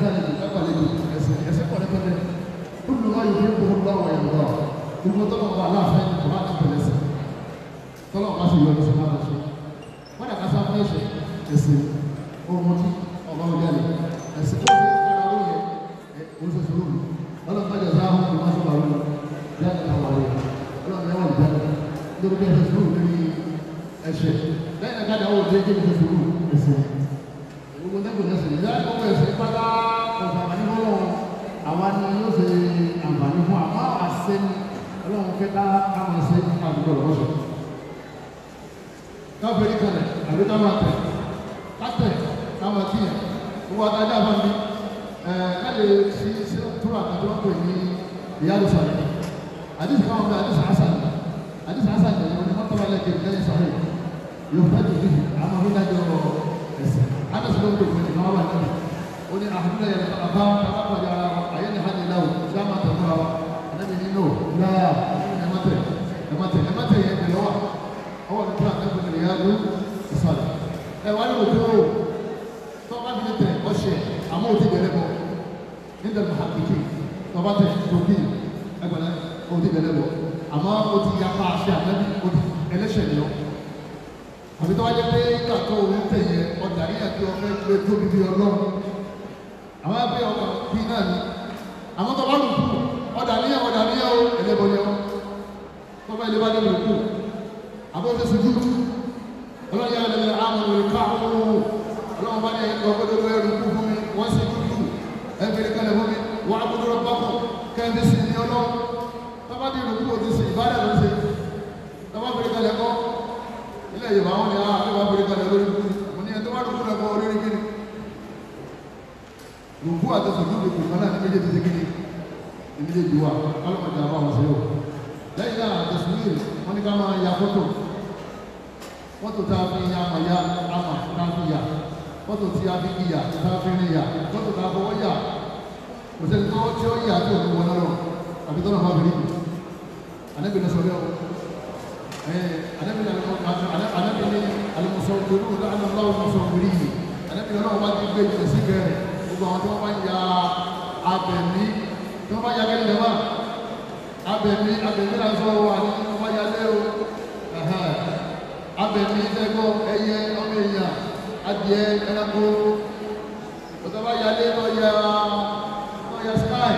sáré ní kápálẹ̀ ní ẹsẹ̀ ẹsẹ̀ pọ̀ lẹ́pẹ̀lẹ́ olùwà yóò fi gbogbo bá wọ̀ ẹ̀rọ gbogbo tọ́lọ̀ wà láàfin ní kò láti pẹ̀lẹ́ sẹ̀ tọ́lọ̀ wà sí yọrọ sí máa lọ́sọ̀ wọ́n dàgbà sá fún ẹ̀ṣẹ̀ ẹ̀ṣẹ̀ ọmọdé ọba ọ̀yàlẹ̀ ẹ̀ṣẹ̀ ó ṣe ara ló yẹ ẹ̀ oṣooṣù lóru ọlọ́mọdé sáà fún ìwà sọ̀rọ̀ àwọn ìyáàdà àwọn ọ̀rẹ́ ọlọ́mọdé wọn ìdáná lórí ẹ̀ṣẹ̀ lóru ní ẹ̀ṣẹ̀ lẹ́yìn káwọn kíyàn gbogbo adájọ́ àbámi káde si sí tóra àtàwọn pè ní ìyáàlú sàlẹ̀ àdìsí káwọn ni àdìsí hasan àdìsí hasan yẹn wọn ni wọn tọ́ba lẹ́kẹ̀ lẹ́yìn sàlẹ̀ yóò fẹ́ tó fi àmọ́ fún dájọ́ ẹ̀sẹ̀ àdìsí ló ń pèpè ní wọn wà níbi ó ní àhúndà yẹn bá alábọ̀dé ara wa àyẹ̀ ní hàn ìlà o ṣé a máa tẹ̀ fúnra wa ẹ̀nẹ́mi ní nò láyà ẹ̀mọ́tẹ̀ ẹ̀mọ́tẹ̀ ẹ̀mọ́tẹ̀ yẹn kẹlẹ́ wa ọwọ́ mi tó àtẹ́kùn ìyáàlú sàlẹ̀ ẹ̀ wá ní òjò ɔhyɛ ama odi bɛrɛ bɔ ɛnda mu ha keke ɔba tɛ tobi ɛgbɛrɛ odi bɛrɛ bɔ ama odi ya pa ahyɛ ama bi odi ɛlɛhyɛ ni yɔ àbítọ́ wájú pé kàtó òun tẹ̀yẹ ọjà yíyà tí ọfẹ́ gbé tóbi bí ọlọ́run àwọn abẹ́ ọkọ̀ bíi náà ni àwọn tó bá lù kú ọ̀dà níyà ọ̀dà níyà ó ẹlẹ́bọ̀ yẹ wọn tó bá ẹlẹ́bọ̀ yẹ wọn kú àbọ̀ tẹ̀sí dúró. fi ìyà tá a fi rin ìyà mọ́tò tá a fọwọ́ yà kò sẹ́ni tó tí ó yà tí òun wọlé lọ àbí tó náà fà bìrì ànábì ní sọ̀rọ̀ ànábì ní ànábì ní àlùmọ̀sọ̀ gbèrú lọ́wọ́ mọ̀sọ̀ gbèrú ní ọlọ́wọ́ bá ti gbé jù sí bẹ́ẹ̀ gbogbo àwọn tí bá ya abẹ̀mí tí bá ya kẹ́lẹ́ wà abẹ̀mí abẹ̀mí là ń sọ wà ní wọ́n bá ya lé o abẹ̀mí ẹgbọ́ ẹyẹ ọmọ èèyàn adìẹ ẹranko ọ̀sọ́ba yalé náà yẹ náà yẹ sky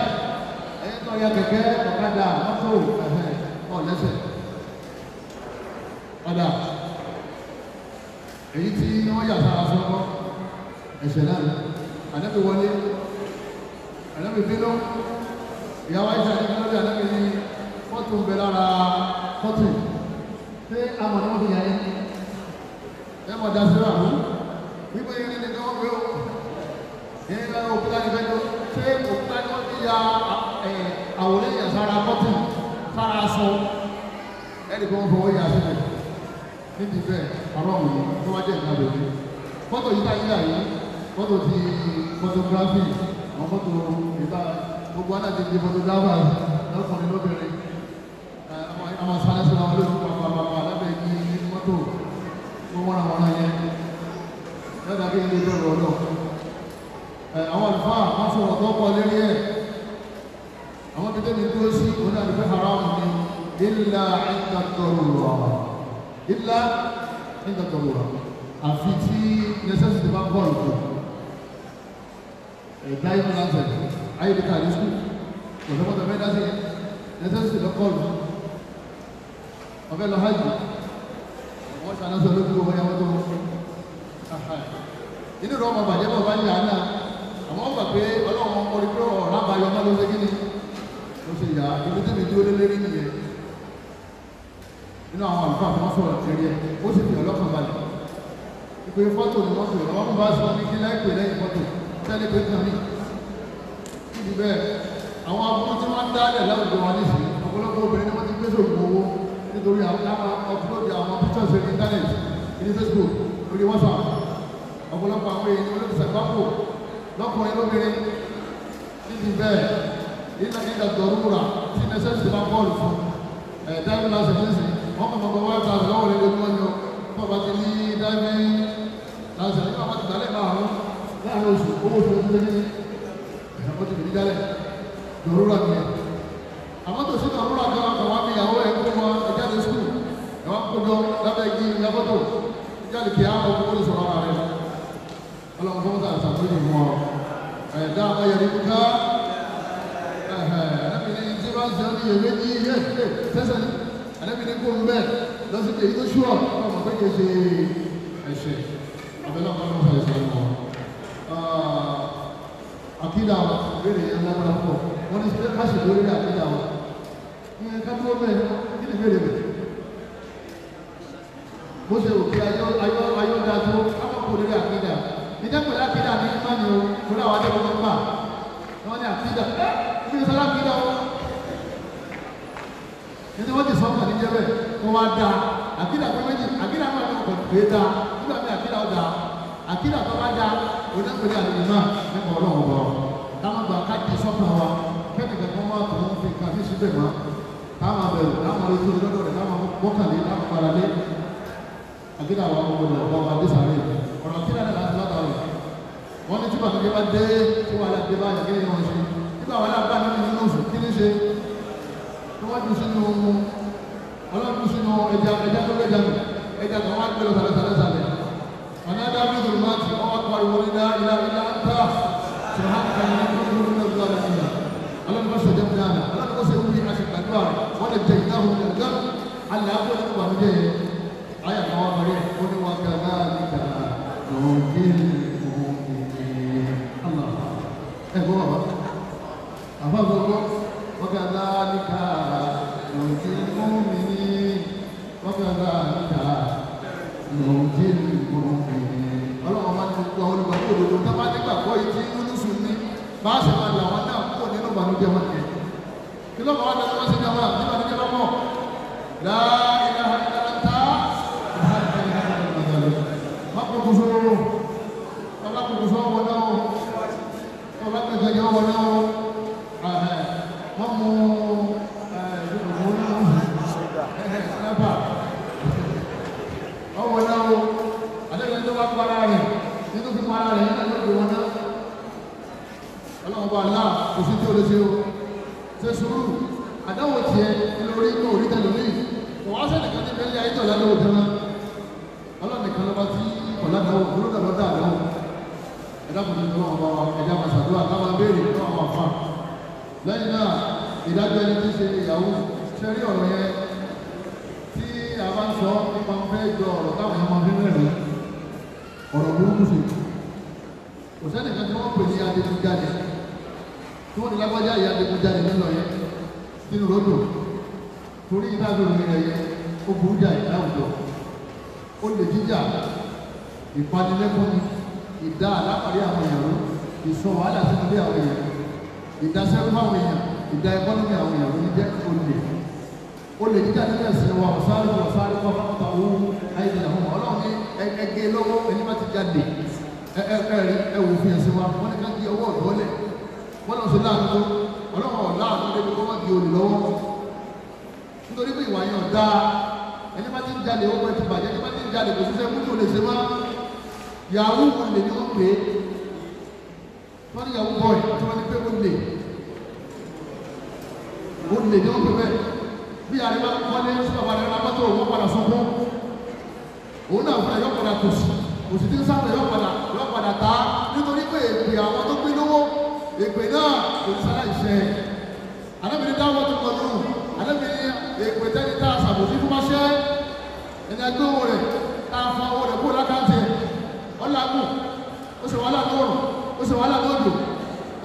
ẹ̀yìn náà yẹ kẹ̀kẹ́ ọ̀kadà mọ́tò ẹ̀hẹ̀ ọ̀lẹ́sẹ̀ padà èyí tí wọ́n yà sára sọ́kọ́ ẹ̀ṣẹ̀ náà ànábì wọlé ànábì bínú ìyàwó àìsàn ní kílódé ànábì ní fọ́tò ń bẹ lára fọ́tò pé amọ̀ náà fi yà yẹn ẹ̀ mọ̀ dá sí ra mú. Bíbélì yẹn ní ní ọ̀rẹ́ o. Ìyẹn náà òkúta ní bẹ́ẹ̀ ló ṣé òkúta ní wọ́n ti ya àwòrán èèyàn sára kọ́tù sára aṣọ. Ẹnì kan fọwọ́ yà sílẹ̀ níbi bẹ́ẹ̀ ọlọ́run tó wá jẹ́ ìgbà lòdì. Fọ́tò yìí táyé àyè fọ́tò ti photography àwọn fọ́tò gbélé lọ́rọ̀ náà àwọn àlùfáà wọ́n fọ̀rọ̀ tó pọ̀ lérí ẹ̀ àwọn tẹ́tẹ́ mi dúró sí òun náà nífẹ̀ẹ́ haram ni ilà ìdàtọ̀rọ̀ ilà ìdàtọ̀rọ̀ àfi tí necessity bá bọ̀ lùkọ̀ ẹ̀dá ìmọ̀ láti ayélujára ní sùkúl kòtòkòtò fẹ́ dá sí necessity lọ kọ́ lù ọ̀fẹ́ lọ wọ́n ṣàlàyé sọ lójú ọmọ yàwó tó wọ́n ṣe inú rẹ̀ ọmọ bàjẹ́ bọ̀ bá yà á náà àmọ́ gbà pé ọlọ́run orí pé ọ̀rá àbáyọ náà ló ṣe kí ni ló ṣe yà ibi tẹ́mi dúró lé lérí nìyẹn nínú àwọn àlùfáà tí wọ́n sọ̀rọ̀ lérí ẹ̀ ó sì fi ọlọ́kàn balẹ̀ ìpè fọ́tò ni wọ́n pè wọ́n mú bá sọ ní kí láì pè lẹ́yìn fọ́tò tẹ́lẹ̀ pé tàn mí níbi bẹ́ẹ̀ àwọn abúlé tí wọ́n ń dálẹ̀ láwùjọ wọn nísìnyí ọ̀pọ̀lọpọ̀ obìnrin ni wọ́n ti gbé sòògùn ní Facebook lórí WhatsApp ọ̀pọ̀lọpọ̀ àwọn èèyàn olóòtú sàgbápò lọ́kùnrin lóbìnrin níbi bẹ́ẹ̀ nígbà nígbà dọ̀rúra tí nẹ́sẹ̀sì bá bọ́ọ̀lù fún ẹ̀ dáìbì láti ní sí wọ́n kàn mọ́ wá ta lọ́wọ́ rẹ̀ lójú ọjọ́ fún ọba ti ní dáìbì láti ní bàbá ti dálẹ̀ láàárọ̀ láàárọ̀ oṣù owó oṣù tó ní ẹ̀rọ ti bìí dálẹ̀ ni ẹ̀ àmọ́ tòṣì dọ̀rúra kan àwọn àmì ìyàwó ẹ̀ kó wọn ìjáde skul ẹ̀ wọ́n kó lọ lábẹ́ igi ìyàbọ̀tò ìjáde kìá ọkọ̀ ó lè sọ̀rọ̀ ara rẹ̀ ọlọ́run fún mọ́tà àtàkùnrin yìí mọ́ ẹ̀dá ayọ̀dẹ́kùká ẹ̀ẹ́dẹ́bìnrin tí wọ́n ń sẹ́wọ́n ní yèwé ní yé tẹ́sẹ̀ ní ẹ̀dẹ́bìnrin kò ń bẹ̀ lọ́sí èyí tó ṣúọ̀ ọmọ pé kì í ṣe ẹ̀ṣẹ̀ ọ̀bẹ̀ náà kọ́ ló ń fẹ́ ẹ̀ṣẹ̀ mọ́ àkídà wa ìbéèrè yẹn lágbára pọ̀ wọ́n ní sẹ́ ká ṣètò orí àkídà wa ìyẹn ká dúró bẹ́ẹ̀ kí ni ìbéèrè bẹ̀ bó ṣe òkè ayọ́ ayọ́ ayọ́ dáa tó ká má kó orí àkídà wa ìjẹ́ pẹ̀lú àkídà ní ìmọ̀ ni o mo ní àwọn adébọ̀ tó ń bà wọ́n ní àkídà ni sọ́lá àkídà wọn. nítorí wọ́n ti sọ ọkàn níjẹ́ bẹ́ẹ̀ wọ́n wá da àkídà pé méjì àkídà náà ní ọkọ̀ pé da nígbà mí àkídà ó da àkídà tó bá da onípele àlùmọ́ nípa ọlọ́run bọ̀ táwọn gbà ká di sọ́kàn wa kẹ́ni kankan máa tó ń fi kàfí síbẹ̀ mọ́ táwọn ọ̀rọ̀ tí láti láti láti ọ̀rọ̀ wọ́n ní tí bàtúndé bá dé tí wàhálà dé bá yẹ kí ni wọ́n ṣe nígbà wàhálà bá nínú nínú oṣù kí ni ṣe tí wọ́n dùn sínú ọlọ́dún sínú ẹja ẹja tó lẹ́jà nù ẹja kan wá gbé lọ sàlẹ̀ sàlẹ̀ sàlẹ̀ ọ̀nà ẹja bí ìdùnnú máa ti ọwọ́ kọ́ ìwọ nílá ilá ilá tá sọ̀rọ̀ àkànní Ayah kawan mereka, kau ni wakil nak kita. Oh, yeah. ayé ọjọ́ náà ọlọ́run nìkan lọ́ba tí ọ̀la dáwọ́ olóńgbà lọ́ dà dáwọ́ ẹ̀dá kò ní lọ́wọ́ ọba wa ẹ̀dá màsàdúrà ká máa béèrè fún àwọn àfa lẹ́yìn náà ìdájọ́ ẹni tí ṣe ìyàwó ṣe rí ọ̀rọ̀ yẹn tí a bá ń sọ nípa fẹ́ jọ ọ̀rọ̀ táwọn ọmọ fi rẹ̀rìn ọ̀rọ̀ burúkú sí kò sẹ́nìkan tí ó burú jà ìdá òjò ó lè jíjà ìpanilẹ́kùn ni ìdá àlápàdé àwọn èèyàn ìsọ wàhálà sínú ilé àwọn èèyàn ìdásẹ́rú fáwọn èèyàn ìdá ẹkọ́nọ́mì àwọn èèyàn ní jẹ́ olè olè jíjà nílẹ̀ ẹ̀sìn wa ọ̀sáré wa ọ̀sáré wa fáwọn owó ayélujára fún wa ọlọ́run ní ẹgẹ́ lọ́wọ́ ẹni bá ti jáde ẹ ẹ ẹ wò fi ẹ̀sìn wa wọ́n ní ká di ọwọ́ ọ̀dọ́lẹ̀ ẹni bá ti ń jalè ọmọ ẹ ti bàjẹ́ ẹni bá ti ń jalè kò sísẹ́ mútu lè ṣe wá yahoo olè ni wọ́n pè é wọ́n ní yahoo boy tí wọ́n ní pé olè olè ni wọ́n pè bẹ́ẹ̀ bí àríwá wọlé sábà rẹ̀ lábàtọ̀ òun padà sọ́kún òun náà fún ẹ yọ padà tòsí òsì tí ń sáfù yọ padà yọ padà tá nítorí pé èpè àwọn tó gbé lówó èpè náà kò sára ìṣe alábìrin dáwọ́ tó kọjú àdébí èpè tẹ́ni tá a ṣàbòsí fún máṣẹ́ ẹni ẹgbẹ́ owó rẹ̀ tá a fa owó rẹ̀ kúrò lákàntì ẹ̀ ọ̀làkùn ó ṣe wàhálà lóòrùn ó ṣe wàhálà lóòdò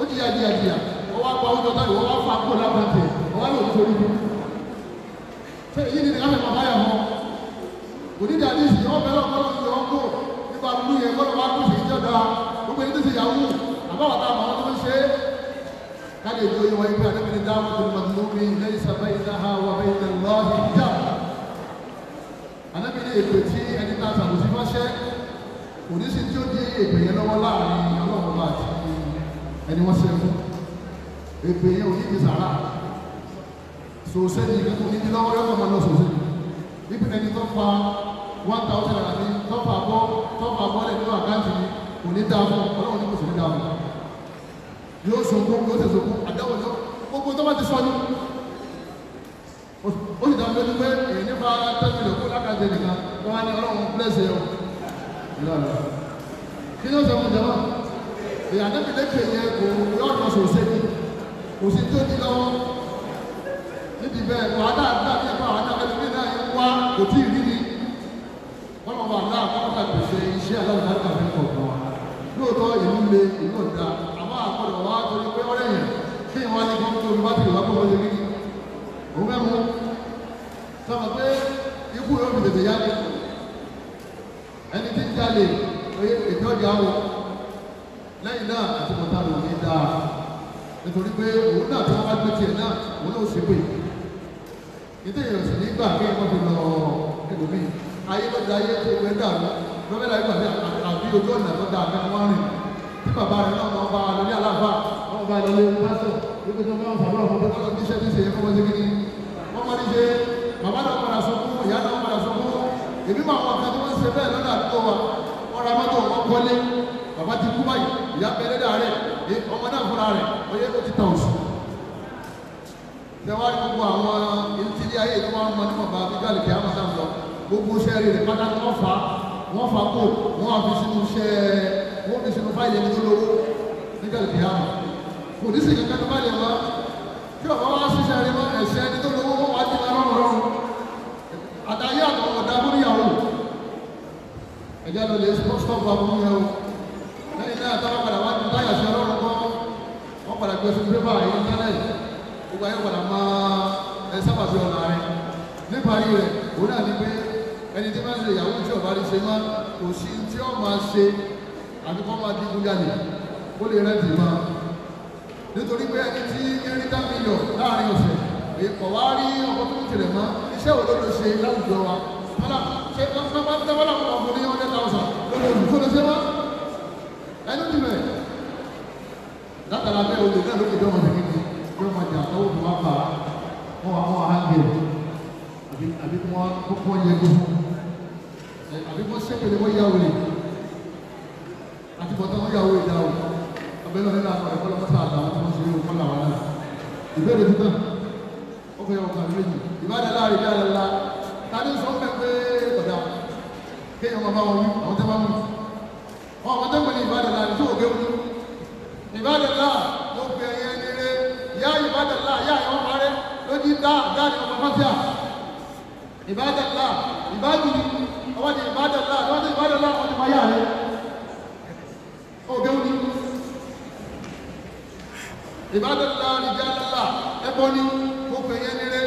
ó jìyà jìyà jìyà wọ́n wá gba oúnjẹ táyì wọ́n wá fa kúrò lákàntì ẹ̀ wọ́n wá lòdì torí mi. ṣé èyí ni ká fẹ́ bàbá yà mọ́ onídàá ní ìsìn ọ̀bẹ lọ́kọ́ láti ètò yìí wáyé pé àdébìnrin dáhùn tó mọ̀lúmi lẹ́yìn sábà yìí náà wà bẹ́ẹ̀ ní lọ́ọ̀hì jà àdébìnrin ètò tí ẹni tá a sàbòsí fọ́ṣẹ́ òní sì tí ó dé ètò yẹn lọ́wọ́ láàrin ọlọ́run àti ẹni wọ́n ṣe fún ètò yẹn òní ti sàrà sòsẹ́ni ìgbìmọ̀ níbi lọ́wọ́ yọ́kọ̀ máa lọ sòsẹ́ni níbi ẹni tó pa one thousand naira ní tọ́pọ̀ àbọ̀ tọ́pọ̀ àbọ̀ lẹ̀ nínú àkáǹtì ní kò ní dáa fún ọlọ́run ní kò sì ní dáa fún yóò sọ fún yóò sì sọ fún dáwọ̀ lọ gbogbo tó bá ti sọ ní ó sì dáwọ̀ lójú pé èyí nípa tẹ́lifí lè kú lákàtẹ́ nìkan tó wá ní ọlọ́run blẹ́sẹ̀ o kí ló ń sọ fún jẹ́ wọn ìyàtọ̀ mi lékè yẹn kò yọ̀ ọ̀nà sòsè ni kò sí tó di lọ́wọ́ níbi bẹ́ẹ̀ kò á dáa dáa bí ẹ̀fọ́ àwọn àdáa ẹlòmíì náà ń wá kò tí ì rí ni wọ́n lọ wà náà kọ́ ọ́nà gbèsè iṣẹ́ aláwọ̀ náà kàfé kọ̀ọ̀kan wa lóòótọ́ ìlú le ìlú ọ̀dà àmọ́ àkọlọ̀ wa torí pé ọ̀rẹ́ tí ìwọ́n ti kó tó olùbá tìlú lọ́pọ̀ wọ́n ti rí òun mẹ́mu sọ̀rọ̀ pé ikú yóò fi tètè yá ni ẹni tí ń jalè ètò ọjà wọ lẹ́yìn náà àti mọ̀tà lò ní dáa nítorí pé òun náà tí wọ́n bá gbé tiẹ̀ náà òun náà sì pè ìdí èèyàn sì ní gbà kí wọ́n fi lọ ẹlòmíì ayé lọ́jà ayé tó wẹ́ dàrú lọ́mẹ́lá ìgbà àbí ojú ọ̀nà tó dáa mẹ́rin wọ́n rìn bí bàbá rẹ̀ náà máa bá a lórí àlàáfà wọ́n bá a lórí ewu pásọ̀ wípé tó máa ń fà lọ́wọ́ pé kọ́lọ́ bíṣẹ́ ti ṣe é fọwọ́ síbi ni wọ́n máa ń ṣe bàbá náà padà sọ fún ìyá náà padà sọ fún èmi máa wọn kan tí wọ́n ṣe bẹ́ẹ̀ lọ́dà tó wa wọ́n ra mọ́tò wọn kọ́lé bàbá gbogbo àwọn rẹ̀ pátá tó wọ́n fà á wọ́n fa kó wọ́n á fi sínú iṣẹ́ wọ́n fi sínú fáìlì ẹni tó lówó nígbà tó yá wọn. kò ní sìnkà kẹ́kẹ́ bá lè wá kí ọ̀bá wá ṣiṣẹ́ rí mọ́ ẹ̀sẹ̀ ẹni tó lówó wọ́n wá ti máa rọrùn rọrùn. àtàyé àtọ̀ ọ̀dà múníyàwó ẹ̀jẹ̀ ló lè stọ́ọ̀bù àmúyẹ̀wò lẹ́yìn náà táwọn padà wá ti táyà sí ọlọ́run kọ́ wọ́n padà gbé fún ẹni tí máa ń ṣe ìyàwó tí ọba rí ṣe máa kò sí tí ó máa ṣe àbí kó máa digun jalè kó lè rẹ́ẹ̀dì máa nítorí pé ẹni tí ẹni dá mílíọ̀ láàrin ọ̀sẹ̀ èèkọ̀ wá rí ọkọ̀ tó ń tẹ̀lẹ̀ mọ́ iṣẹ́ wo ló lè ṣe láwùjọ wa kọ́lá ṣe pápá tẹ́wọ́ làwọn ọmọ ní ọdẹ tàwùsà lórí olùkọ́ ló ṣe wá ẹnu ti bẹ̀ látara bẹ́ẹ̀ olè náà lókè dọ́wọ́ ní kíkì kí wọ́n máa jà tọ́wọ́ tó wá bá wọn àwọn àgbẹ̀ àbí wọ́n kọ́kọ́ yẹ gbogbo ìbádọ́lá ìjálá ẹbọ ni gbogbo ẹ̀yẹ nílé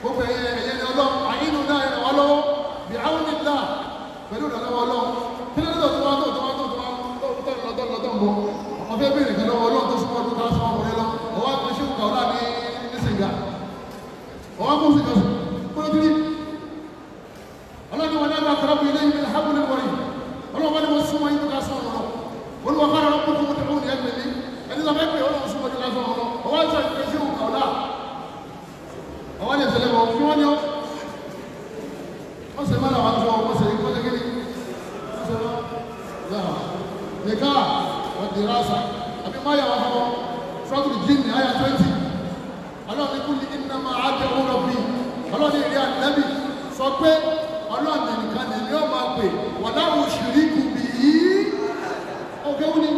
gbogbo ẹ̀yẹ ẹ̀yẹ ni ọlọ́run àyínú náà ẹ̀rọ wá lọ́wọ́ bí àwọn nílá pẹ̀lú ìrànlọ́wọ́ ọlọ́run kí ló dọ̀ tó wá tó tó wá tó tó wá tó tó lọ́tọ̀ lọ́tọ̀ ń bọ̀ ọ̀fẹ́ bèrè kan lọ́wọ́ ọlọ́run tó súnmọ́ ọdún tó sọ ọmọ rẹ lọ ọwọ́ àti ṣé òkà ọlá ní nísìnyà ọwọ́ kó sì jọ sùn ọ̀dẹ̀rasa àbí máyà wà fún ọ sọ́kùnrin jíìn ní àyà twenty ọlọ́ọ̀ni kú ní iná máa á jẹ́ òwúrọ̀ bíi ọlọ́ọ̀ni ìrìn ànábì sọ pé ọlọ́ọ̀ni nìkan ni yóò máa pè wọ́n láwọn òṣèré kù bìí ọ̀gẹ́wò ni.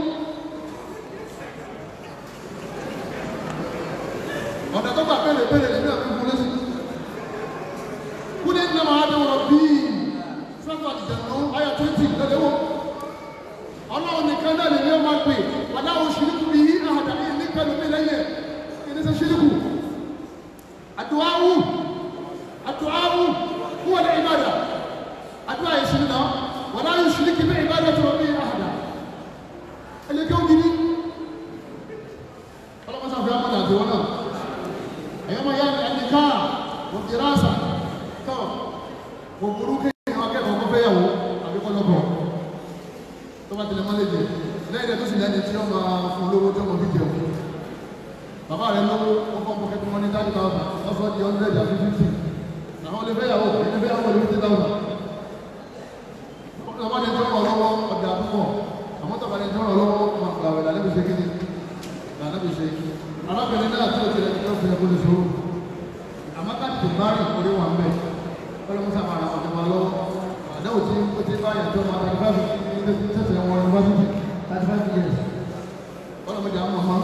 ọmọ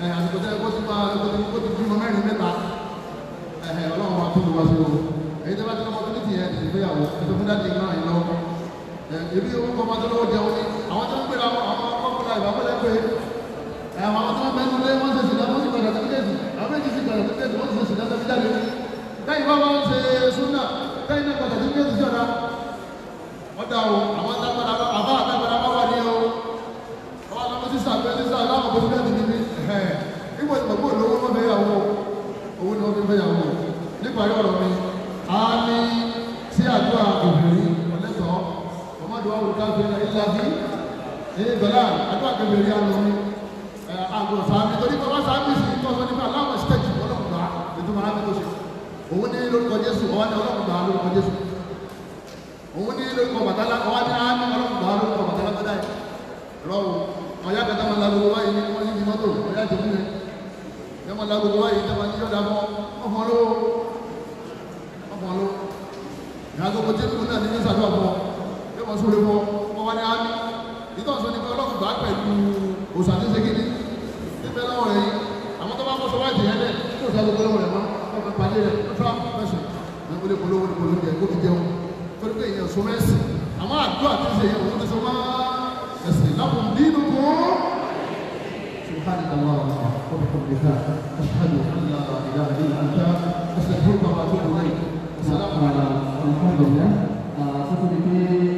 àsìkò tẹ́ kó ti máa kó ti bímọ mẹ́rin mẹ́ta ọlọ́run máa tó lùwà sí o èyí tẹ́ bá ti lọ́mọ tó ní tìyẹn ti gbéyàwó ẹgbẹ́ fún dáàdì náà yìí lọ́wọ́ ebi owó kọ́ máa tó lọ́wọ́ jẹun ní àwọn tó ń gbé làwọn àwọn ọkùnrin àìbá kọ́lẹ̀ pé àwọn tó ń bẹ́ẹ̀ nílé wọ́n ṣe ṣìdá wọ́n sì gbàdà tó kéde àwọn méjì sì gbàdà tó kéde wọ́n ṣe ṣìdá dọ́là àdúrà kẹfẹ́ rí àlọ́ ní àgọ́ sàmì torí pé wọ́n sàmì sí ní ọ̀sán nípa aláwọ̀ stéèjì ọlọ́mùgbà ètò máa ń tó ṣe òun ní lórúkọ Jésù ọwọ́ ní ọlọ́mùgbà lórúkọ Jésù òun ní lórúkọ bàtálá ọwọ́ ní àmì ọlọ́mùgbà lórúkọ bàtálá bàtá yìí rọrùn ọ̀yá kẹta máa lárúgbó wáyé ní wọ́n yí mọ́tò ọ̀yá jẹ́ fún mi ẹ máa lárúgbó wáyé ní wọ́n yí ọ̀dà fún ọmọ lówó ọmọ lówó ìyá tó kọjá ìlú gbà á pẹ̀lú òṣà tí ń ṣe kíní ní bẹ́ẹ̀ lọ́wọ́ rẹ̀ yìí àwọn tó bá kọ́ sọ wáìtì yẹn lẹ̀ tí òṣà gbogbo lọ́wọ́ rẹ̀ mọ́ wọ́n fẹ́ pàdé rẹ̀ tíra fẹ̀sùn ní wọlé polówó ní polówó jẹ kó fi jẹun torí pé èèyàn sọ mẹ́sì àmọ́ àdúrà tí ń ṣe yẹn òun ti sọ wá ẹ̀sìn lápò dínú kó. سبحانك اللهم وبحمدك أشهد أن لا إله إلا أنت أستغفرك وأتوب إليك السلام عليكم ورحمة الله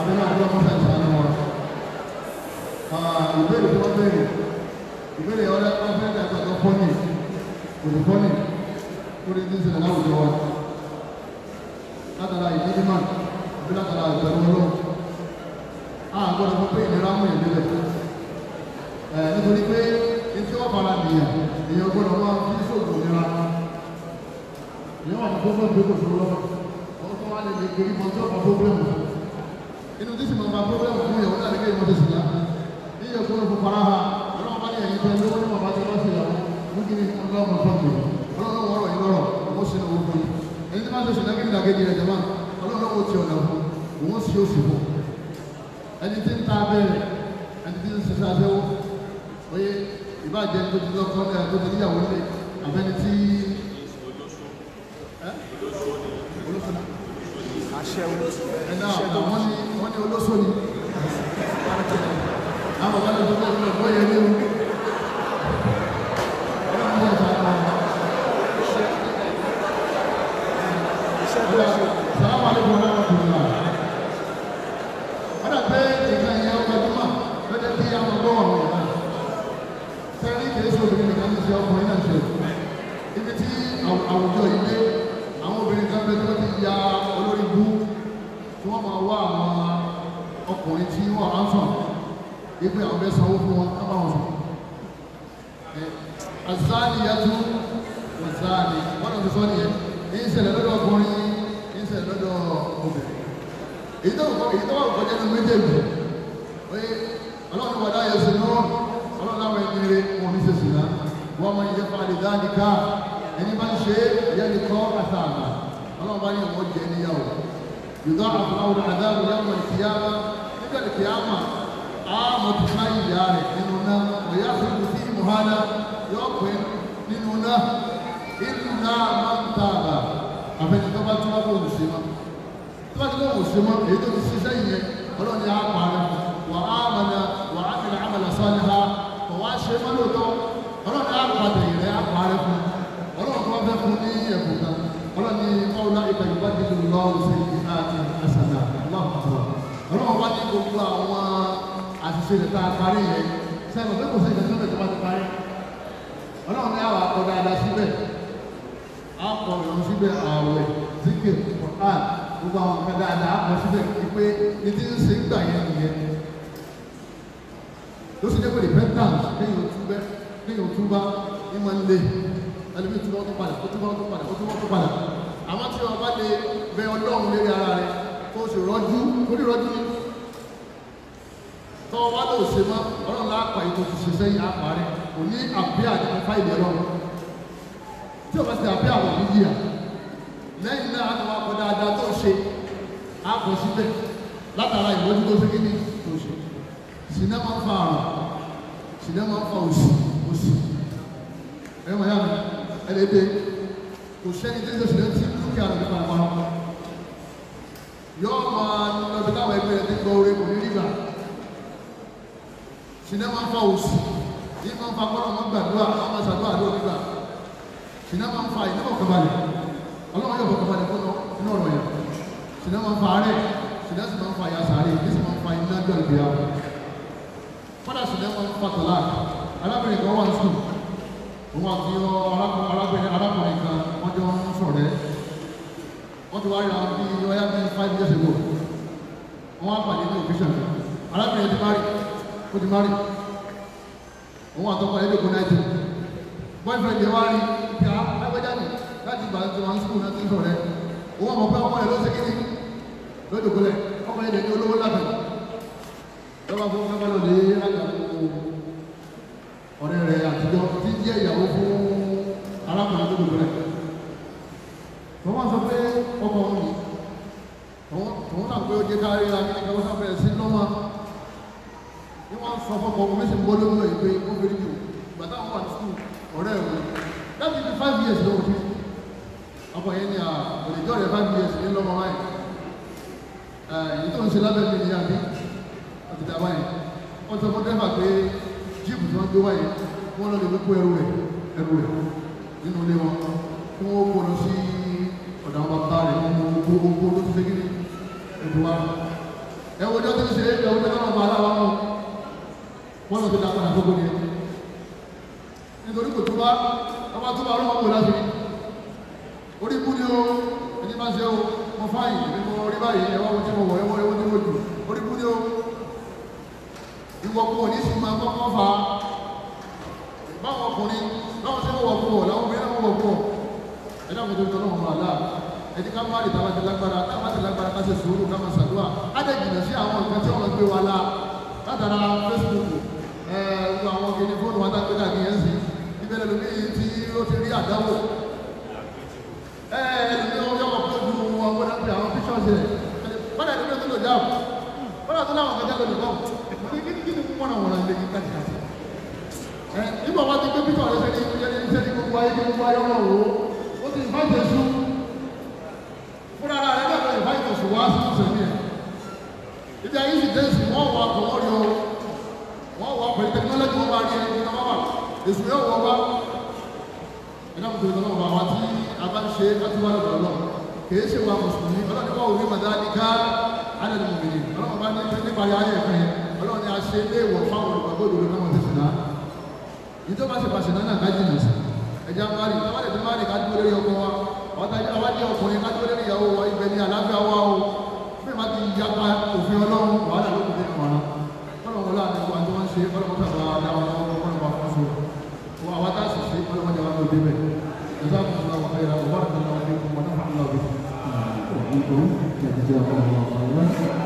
abẹ́rẹ́ àdúrà kọ́sà ìṣàánú wa. ìbéèrè tí wọ́n béèrè ìbéèrè ọ̀rẹ́ ọ̀fẹ́ ìdàgbàsọ fọ́nì òdì fọ́nì lórí ní ìṣẹ̀lẹ̀ láwùjọ wa. látara ìdíjímà àbí látara ìbẹ̀rù ọlọ́run. a gbọ́dọ̀ fún pé ìnira mú ìbílẹ̀. nítorí pé etí wọ́n fara nìyàn èèyàn gbọ́dọ̀ máa fi sóògùn nira. ìyẹn wà ní gbogbo ìgbé inú tí sì máa fa problem fún ìyàwó náà nígbà ìmọ̀tò sìgá ní ìyẹ̀kú ló fún fara ha ọlọ́run bá ní ẹ̀yìn tẹ lówó ní bàbá tí wọ́n ṣe ìyàwó mú kí ni ọlọ́run máa fọ́ọ̀kì ọlọ́run wọ̀rọ̀ yìí lọ́rọ̀ sì ní orúkọ di ẹ̀ jama ọlọ́run ó ti ọ̀nà fún òun sì ó sì fún ẹni tí ń ta abẹ́rẹ́ ẹni tí ń ṣiṣẹ́ aṣẹ́wó oye ìbàjẹ́ tó No no soy. Vamos, sọ nìyẹn ní ìṣẹ̀lẹ̀ lọ́dọ̀ ọkùnrin ní ìṣẹ̀lẹ̀ lọ́dọ̀ obìnrin èyí tó wà èyí tó wà kọjá ní méjèèjì oye ọlọ́run wà láyé ṣe náà ọlọ́run láwọn ẹni rẹ wọn ní ṣe sì náà wọn máa ń yẹ fún àdìdá nìka ẹni bá ń ṣe ìyá ni kọ́ àtà àgbà ọlọ́run bá ní ọmọ jẹ níyàwó yòdọ́ tó ká ìyá rẹ̀ nínú ìlà máa ń ta àbà àfẹnjẹ tó bá tó bá lóun ṣe mọ tó bá tó lóun ṣe mọ èyí tó ń ṣiṣẹ́ yẹn ọlọ́run ni a pa rẹ wà á mọ̀nà wà á kẹlẹ̀ àmàlà sọ́ni ha kò wá ṣe mọ́ lóòótọ́ ọlọ́run á pa tẹ̀yìn rẹ á pa rẹ fún ọlọ́run tó bá fẹ́ fún ní ẹ̀bùn kan ọlọ́run ni ọ̀la ìkàyọ̀ bá dídùn lọ́wọ́ sí ìhà àti àṣàdà ọlọ́run wá ní gbogbo àwọn àṣìṣe rẹ̀ tá a parí yẹn sẹ́yìn ọ̀gbẹ́ kò sí ìdájọ́ rẹ̀ tó bá ti parí a kọ ìrun síbẹ̀ ààwẹ̀ zikir quran gbogbo àwọn nǹkan dáadáa a kọ síbẹ̀ wípé ní ti ń ṣe ń gbà yẹn nìyẹn ló sì dẹ́gbẹ̀rẹ̀ repentance kéèyàn túbẹ̀ kéèyàn túbá ní máa ń lé ẹlẹ́bí túbọ̀ tó padà ó túbọ̀ tó padà ó túbọ̀ tó padà àmọ́ tí wọ́n bá lè bẹ ọlọ́run lérí ara rẹ̀ tó sì rọ́jú torí rọ́jú ni tọ́wọ́ wá lóò ṣe mọ́ ọlọ́run lápá ètò ti ṣe sẹ́yìn kò ní àbí àdéhùn fáìlì ẹlọ́run tí o bá ti àbí àwọn yìí yà lẹ́yìn náà àwọn akọ dáadáa tó ṣe àpò síbẹ̀ látara ìwọ́jú tó ṣe kíni tó ṣe sinẹ́ máa ń fa àrùn sinẹ́ máa ń fa òṣì òṣì ẹ̀rọ ya mi ẹlẹ́dẹ́ kò sẹ́ni tí ó ṣẹlẹ̀ tí dúkìá rẹ̀ nípa àpamọ́ yóò máa lọ sí táwọn ẹgbẹ́ rẹ̀ ti gbọ́ orí kò ní rí gbà sinẹ́ ń fa òṣì yìí máa ń fa kọ́lọ́ mọ́ gbàdúrà máa ń ṣàdúrà gbà sinna máa ń fa ìdíwọ̀ kọbalẹ̀ ọlọ́run yóò fọ kọbalẹ̀ fún inú ọ̀rọ̀ yẹn sinna máa ń fa àárẹ̀ sinna sì máa ń fa ìyá sàárẹ̀ ìdí sì máa ń fa iná jọ ìgbé àwọn fọ́dà sinna máa ń fa tọ́lá arábìnrin kan wà ní sùn òun àti arábìnrin arákùnrin kan wọ́n jọ ń ṣọ̀rẹ́ wọ́n ti wá rí àwọn bíi ọyá bíi five years ago wọ́n á pàdé ní òfíṣàn arábìnrin ti márì ó ti márì òun àtọkọ ẹ̀ lóko náà ti boyfriend yẹn wá rí bá ti wọn sùkúl náà ti ń sọ̀rọ̀ ẹ̀ òun àwọn ọ̀pẹ ọmọ rẹ̀ ló ṣe kí ni lójúkulẹ̀ ọmọ yẹn dẹ̀ni olówó lábẹ́ lọ́wọ́ fún fẹ́ balọ̀ lé àgàkù ọ̀rẹ́ rẹ̀ àtijọ́ ti jẹ́ ìyàwó fún arákùnrin lójúkulẹ̀ wọ́n wá sọ pé ọkọ òun ni òun náà pé ó jẹ́ kárí akẹ́kẹ́ ó sáfẹ́ sí lọ́mọ ni wọ́n sọ fọ́kọ òun mẹ́sìn bọ́ lórí ẹ̀ jù gbàtà wọn wà ní sùkúl ọ̀rẹ́ láti fi five years lọ́wọ́ ti ìjọ rẹ̀ five years ní lọ́mọ wáyé èyí tó ń ṣe lábẹ́ mi ní àbí àtìdá wáyé wọ́n sọ fún dẹ́fà pé jíìpù tí wọ́n gbé wáyé wọ́n lọ lè mú kó ẹrù ẹ̀ ẹrù ẹ̀ nínú ilé wọn kí wọ́n kó lọ sí ọ̀dà wọn bàbá rẹ̀ wọ́n mú ogbó ogbó ló ti ṣe kíni ẹ̀bùn wa ẹ wo dọ́tí ṣe ẹ wo dọ́tí ọmọ aláwa wọn wọ́n lọ sí dàpọ̀ àkókò ni nítorí kò tó bá ọba tó bá ọlọ́wọ́ wò orí kú ni tí máa ṣe o mo fáyìn èmi mo rí báyìí ẹwà wo tí mo wọ̀ ẹwọ́ ẹwọ́ tí mo dù orí kú ní o ìwọ̀kú òní sì máa kọ́kọ́ fa báwọn ọkùnrin báwọn ṣe wọ̀ kú wọ̀ làwọn obìnrin náà wọ̀ kú wọ̀ ẹ dákun tó ń tọ́ lọ́wọ́ àlá ẹ ti ká má rí tábà ti lágbára tábà ti lágbára ká ṣe sùúrù ká máa ṣàdúrà á dẹ̀ jìnnà sí àwọn nǹkan tí wọ́n gbé wa la látara Facebook ẹ̀ gbogbo àwọn kìnnì fóònù wa dágbé káàkiri ẹ̀ ń sìn ìbẹ̀rẹ̀ lómi tí ó ti rí àdáwò ẹ̀ ẹ̀ láwọn ọ̀gájá lọ lè báwọn kí ni wọ́n náà wọ́n náà lè yí káàdì káàdì. ẹ nígbà wá ti gbé pítọ̀ ọ̀rẹ́ sẹ́ni ìpínlẹ̀ ní sẹ́ni gbogbo ayé gbogbo ayé ọmọ wò ó ti ìfá ìtẹ̀sù fúnra rẹ̀ lẹ́gbẹ̀ẹ́ ìfá ìtẹ̀sù wá sí ìṣẹ̀lẹ̀ ẹ̀. ìdí ayé sì dẹ́sì wọ́n wọ ọkọ̀ wọ́n rí o wọ́n wọ ọkọ̀ tẹkinọ́lọ́jì wọn bá rí ẹni náà wà èsù yóò wọ wá. iná mi ìtọ́nà wà wá tí a bá ń ṣe á níparí ayé ẹ̀kan yẹn ọlọ́run ni a ṣe ilé ìwọ̀ fáwọn olùgbàgbọ́ òdodo káwọn ti sìnà yìí tó bá ṣe pàṣẹ náà ká jìnnà sí ẹja mari tábàdé tó mari ká dúró lórí ọkọ wa ọtajà awájú ọkùnrin ká dúró lórí ìyàwó wa ibẹ̀ ni àlàáfíà wa o bí ma ti yapa òfin ọlọ́run wàhálà ló kù dé nù wọn kọ́nà wọn láàrin wa tí wọ́n ṣe kọ́nà wọn tàbá ara wọn kọ́nà wọn fún so àwọn tá a sì ṣe kọ́nà wọn jẹ wọn ló dé bẹ̀ ẹ̀sán